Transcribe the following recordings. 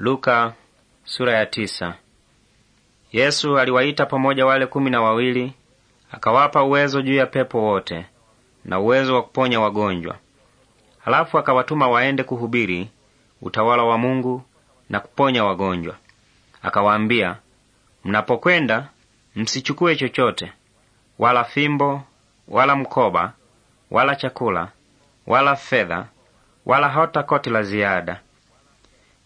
Luka, sura ya tisa. Yesu aliwaita pamoja wale kumi na wawili akawapa uwezo juu ya pepo wote na uwezo wa kuponya wagonjwa. Halafu akawatuma waende kuhubiri utawala wa Mungu na kuponya wagonjwa. Akawaambia, mnapokwenda msichukue chochote, wala fimbo, wala mkoba, wala chakula, wala fedha, wala hata koti la ziada.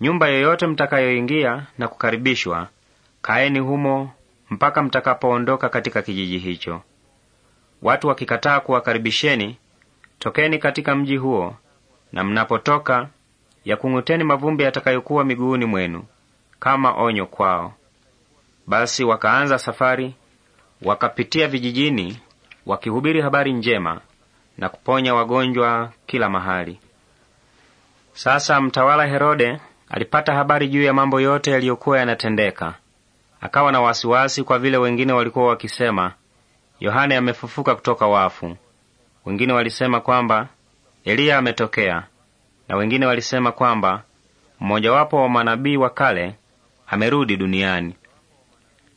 Nyumba yoyote mtakayoingia na kukaribishwa, kaeni humo mpaka mtakapoondoka katika kijiji hicho. Watu wakikataa kuwakaribisheni, tokeni katika mji huo, na mnapotoka yakung'uteni mavumbi yatakayokuwa miguuni mwenu kama onyo kwao. Basi wakaanza safari, wakapitia vijijini, wakihubiri habari njema na kuponya wagonjwa kila mahali. Sasa mtawala Herode Alipata habari juu ya mambo yote yaliyokuwa yanatendeka, akawa na wasiwasi kwa vile wengine walikuwa wakisema Yohane amefufuka kutoka wafu, wengine walisema kwamba Eliya ametokea, na wengine walisema kwamba mmojawapo wa manabii wa kale amerudi duniani.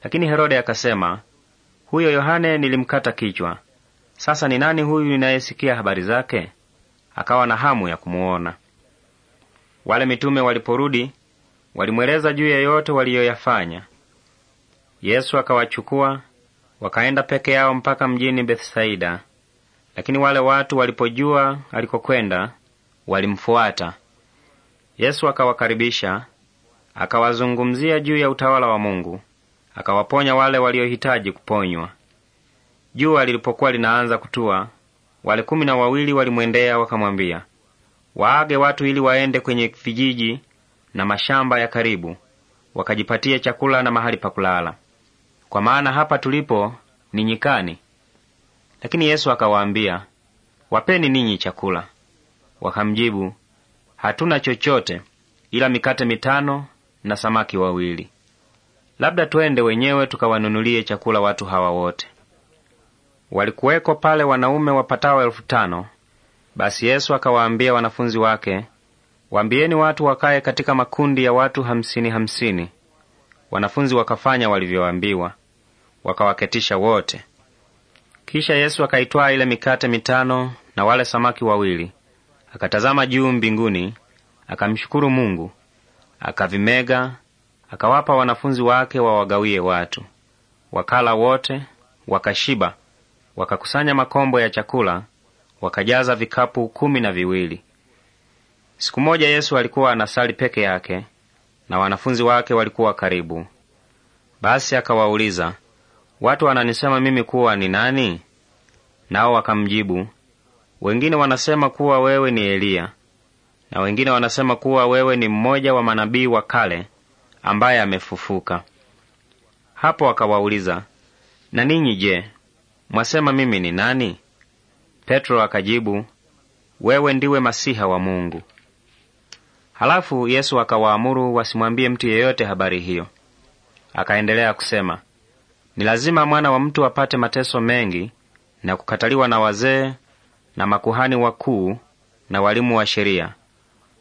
Lakini Herode akasema, huyo Yohane nilimkata kichwa. Sasa ni nani huyu ninayesikia habari zake? Akawa na hamu ya kumuona. Wale mitume waliporudi walimweleza juu ya yote waliyoyafanya. Yesu akawachukua wakaenda peke yao mpaka mjini Bethsaida, lakini wale watu walipojua alikokwenda walimfuata. Yesu akawakaribisha, akawazungumzia juu ya utawala wa Mungu, akawaponya wale waliohitaji kuponywa. Jua lilipokuwa linaanza kutua, wale kumi na wawili walimwendea wakamwambia, waage watu ili waende kwenye vijiji na mashamba ya karibu wakajipatie chakula na mahali pa kulala, kwa maana hapa tulipo ni nyikani. Lakini Yesu akawaambia, wapeni ninyi chakula. Wakamjibu, hatuna chochote ila mikate mitano na samaki wawili, labda twende wenyewe tukawanunulie chakula watu hawa wote. Walikuweko pale wanaume wapatao elfu tano basi Yesu akawaambia wanafunzi wake, waambieni watu wakaye katika makundi ya watu hamsini hamsini. Wanafunzi wakafanya walivyoambiwa, wakawaketisha wote. Kisha Yesu akaitwaa ile mikate mitano na wale samaki wawili, akatazama juu mbinguni, akamshukuru Mungu, akavimega, akawapa wanafunzi wake wawagawie watu. Wakala wote, wakashiba, wakakusanya makombo ya chakula wakajaza vikapu kumi na viwili. Siku moja Yesu alikuwa anasali peke yake na wanafunzi wake walikuwa karibu. Basi akawauliza, watu wananisema mimi kuwa ni nani? Nao wakamjibu, wengine wanasema kuwa wewe ni Eliya, na wengine wanasema kuwa wewe ni mmoja wa manabii wa kale ambaye amefufuka. Hapo akawauliza, na ninyi je, mwasema mimi ni nani? Petro akajibu, wewe ndiwe masiha wa Mungu. Halafu Yesu akawaamuru wasimwambie mtu yeyote habari hiyo. Akaendelea kusema, ni lazima mwana wa mtu apate mateso mengi na kukataliwa na wazee na makuhani wakuu na walimu wa sheria,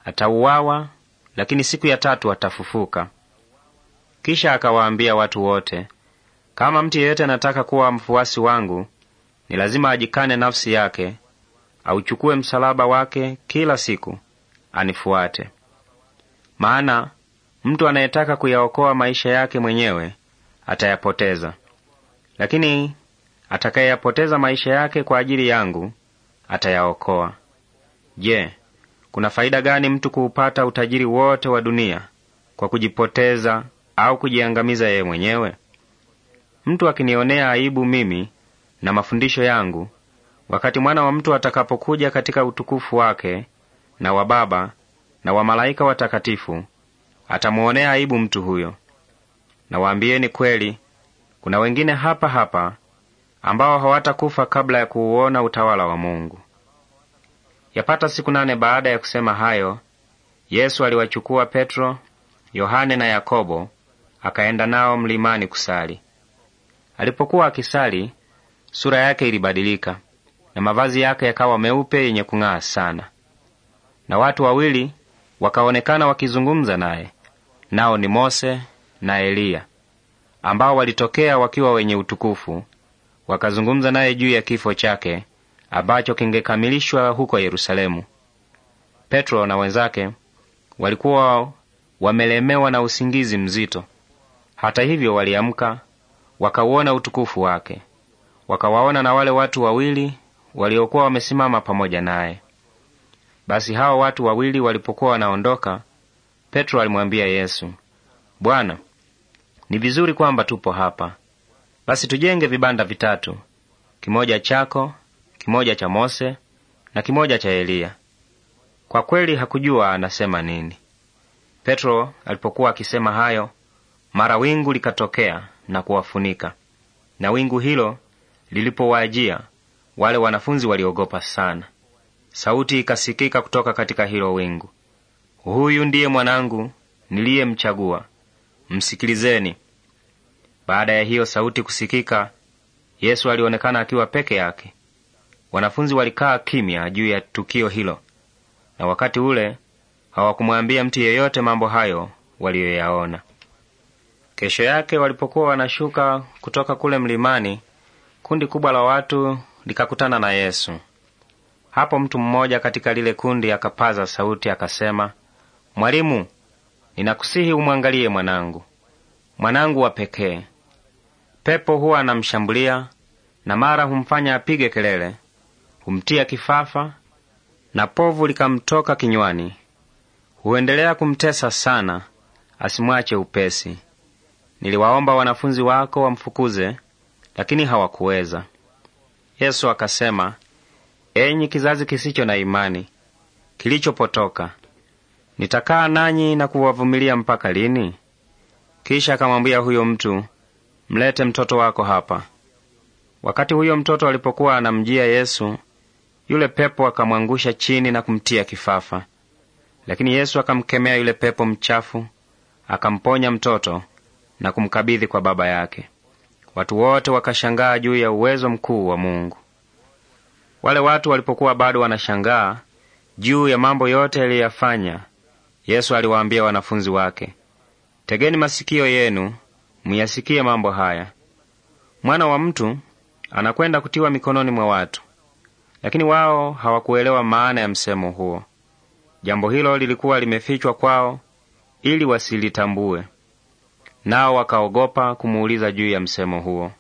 atauawa, lakini siku ya tatu atafufuka. Kisha akawaambia watu wote, kama mtu yeyote anataka kuwa mfuasi wangu, ni lazima ajikane nafsi yake, auchukue msalaba wake kila siku, anifuate. Maana mtu anayetaka kuyaokoa maisha yake mwenyewe atayapoteza, lakini atakayeyapoteza maisha yake kwa ajili yangu atayaokoa. Je, kuna faida gani mtu kuupata utajiri wote wa dunia kwa kujipoteza au kujiangamiza yeye mwenyewe? Mtu akinionea aibu mimi na mafundisho yangu, wakati mwana wa mtu atakapokuja katika utukufu wake na wa Baba na wa malaika watakatifu, atamwonea aibu mtu huyo. Na waambieni kweli, kuna wengine hapa hapa ambao hawatakufa kabla ya kuuona utawala wa Mungu. Yapata siku nane baada ya kusema hayo, Yesu aliwachukua Petro, Yohane na Yakobo akaenda nao mlimani kusali. Alipokuwa akisali Sura yake ilibadilika na mavazi yake yakawa meupe yenye kung'aa sana, na watu wawili wakaonekana wakizungumza naye, nao ni Mose na Eliya, ambao walitokea wakiwa wenye utukufu, wakazungumza naye juu ya kifo chake ambacho kingekamilishwa huko Yerusalemu. Petro na wenzake walikuwa wamelemewa na usingizi mzito. Hata hivyo, waliamka wakauona utukufu wake, wakawaona na wale watu wawili waliokuwa wamesimama pamoja naye. Basi hao watu wawili walipokuwa wanaondoka, Petro alimwambia Yesu, Bwana, ni vizuri kwamba tupo hapa. Basi tujenge vibanda vitatu, kimoja chako, kimoja cha Mose na kimoja cha Eliya. Kwa kweli hakujua anasema nini. Petro alipokuwa akisema hayo, mara wingu likatokea na kuwafunika, na wingu hilo Lilipowajia wale wanafunzi waliogopa sana. Sauti ikasikika kutoka katika hilo wingu, huyu ndiye mwanangu niliyemchagua, msikilizeni. Baada ya hiyo sauti kusikika, Yesu alionekana akiwa peke yake. Wanafunzi walikaa kimya juu ya tukio hilo, na wakati ule hawakumwambia mtu yeyote mambo hayo waliyoyaona. Kesho yake walipokuwa wanashuka kutoka kule mlimani, kundi kubwa la watu likakutana na Yesu. Hapo mtu mmoja katika lile kundi akapaza sauti akasema, Mwalimu, ninakusihi umwangalie mwanangu, mwanangu wa pekee. Pepo huwa anamshambulia na mara humfanya apige kelele, humtia kifafa, na povu likamtoka kinywani. Huendelea kumtesa sana, asimwache upesi. Niliwaomba wanafunzi wako wamfukuze, lakini hawakuweza. Yesu akasema, enyi kizazi kisicho na imani kilichopotoka, nitakaa nanyi na kuwavumilia mpaka lini? Kisha akamwambia huyo mtu, mlete mtoto wako hapa. Wakati huyo mtoto alipokuwa anamjia Yesu, yule pepo akamwangusha chini na kumtia kifafa. Lakini Yesu akamkemea yule pepo mchafu, akamponya mtoto na kumkabidhi kwa baba yake. Watu wote wakashangaa juu ya uwezo mkuu wa Mungu. Wale watu walipokuwa bado wanashangaa juu ya mambo yote yaliyoyafanya, Yesu aliwaambia wanafunzi wake, tegeni masikio yenu muyasikie mambo haya. Mwana wa mtu anakwenda kutiwa mikononi mwa watu. Lakini wao hawakuelewa maana ya msemo huo. Jambo hilo lilikuwa limefichwa kwao ili wasilitambue nao wakaogopa kumuuliza juu ya msemo huo.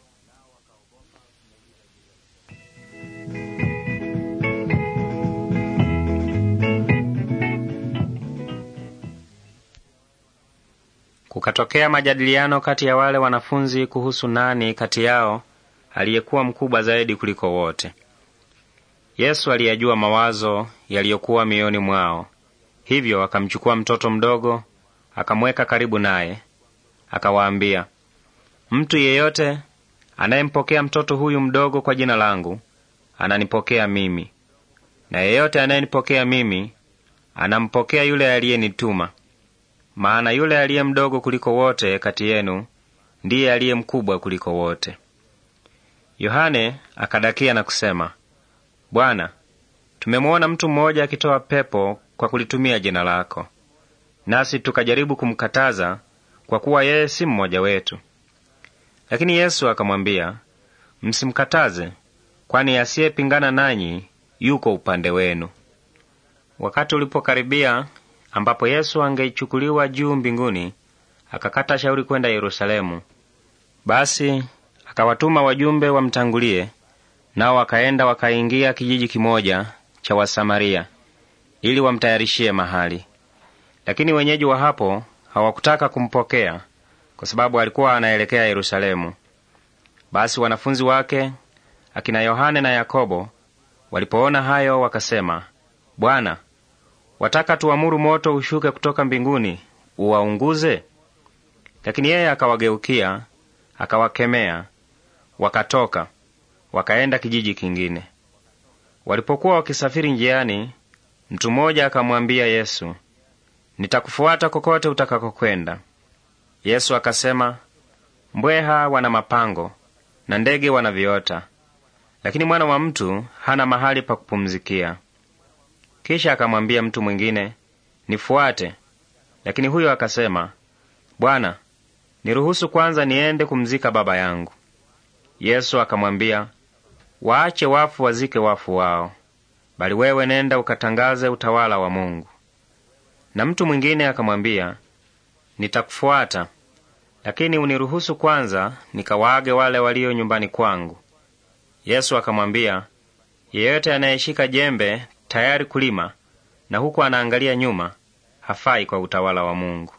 Kukatokea majadiliano kati ya wale wanafunzi kuhusu nani kati yao aliyekuwa mkubwa zaidi kuliko wote. Yesu aliyajua mawazo yaliyokuwa mioyoni mwao, hivyo akamchukua mtoto mdogo akamweka karibu naye, akawaambia, mtu yeyote anayempokea mtoto huyu mdogo kwa jina langu ananipokea mimi, na yeyote anayenipokea mimi anampokea yule aliyenituma. Maana yule aliye mdogo kuliko wote kati yenu ndiye aliye mkubwa kuliko wote. Yohane akadakia na kusema, Bwana, tumemwona mtu mmoja akitoa pepo kwa kulitumia jina lako, nasi tukajaribu kumkataza, kwa kuwa yeye si mmoja wetu. Lakini Yesu akamwambia, msimkataze, kwani asiyepingana nanyi yuko upande wenu. Wakati ulipokaribia ambapo Yesu angechukuliwa juu mbinguni, akakata shauri kwenda Yerusalemu. Basi akawatuma wajumbe wamtangulie, nao wakaenda wakaingia kijiji kimoja cha Wasamaria ili wamtayarishie mahali. Lakini wenyeji wa hapo hawakutaka kumpokea kwa sababu alikuwa anaelekea Yerusalemu. Basi wanafunzi wake akina Yohane na Yakobo walipoona hayo, wakasema, Bwana, wataka tuamuru moto ushuke kutoka mbinguni uwaunguze? Lakini yeye akawageukia akawakemea, wakatoka wakaenda kijiji kingine. Walipokuwa wakisafiri njiani, mtu mmoja akamwambia Yesu, nitakufuata kokote utakakokwenda. Yesu akasema, mbweha wana mapango na ndege wana viota, lakini mwana wa mtu hana mahali pa kupumzikia. Kisha akamwambia mtu mwingine, nifuate. Lakini huyo akasema, Bwana, niruhusu kwanza niende kumzika baba yangu. Yesu akamwambia, waache wafu wazike wafu wao, bali wewe nenda ukatangaze utawala wa Mungu. Na mtu mwingine akamwambia, nitakufuata, lakini uniruhusu kwanza nikawaage wale walio nyumbani kwangu. Yesu akamwambia, yeyote anayeshika jembe tayari kulima na huku anaangalia nyuma hafai kwa utawala wa Mungu.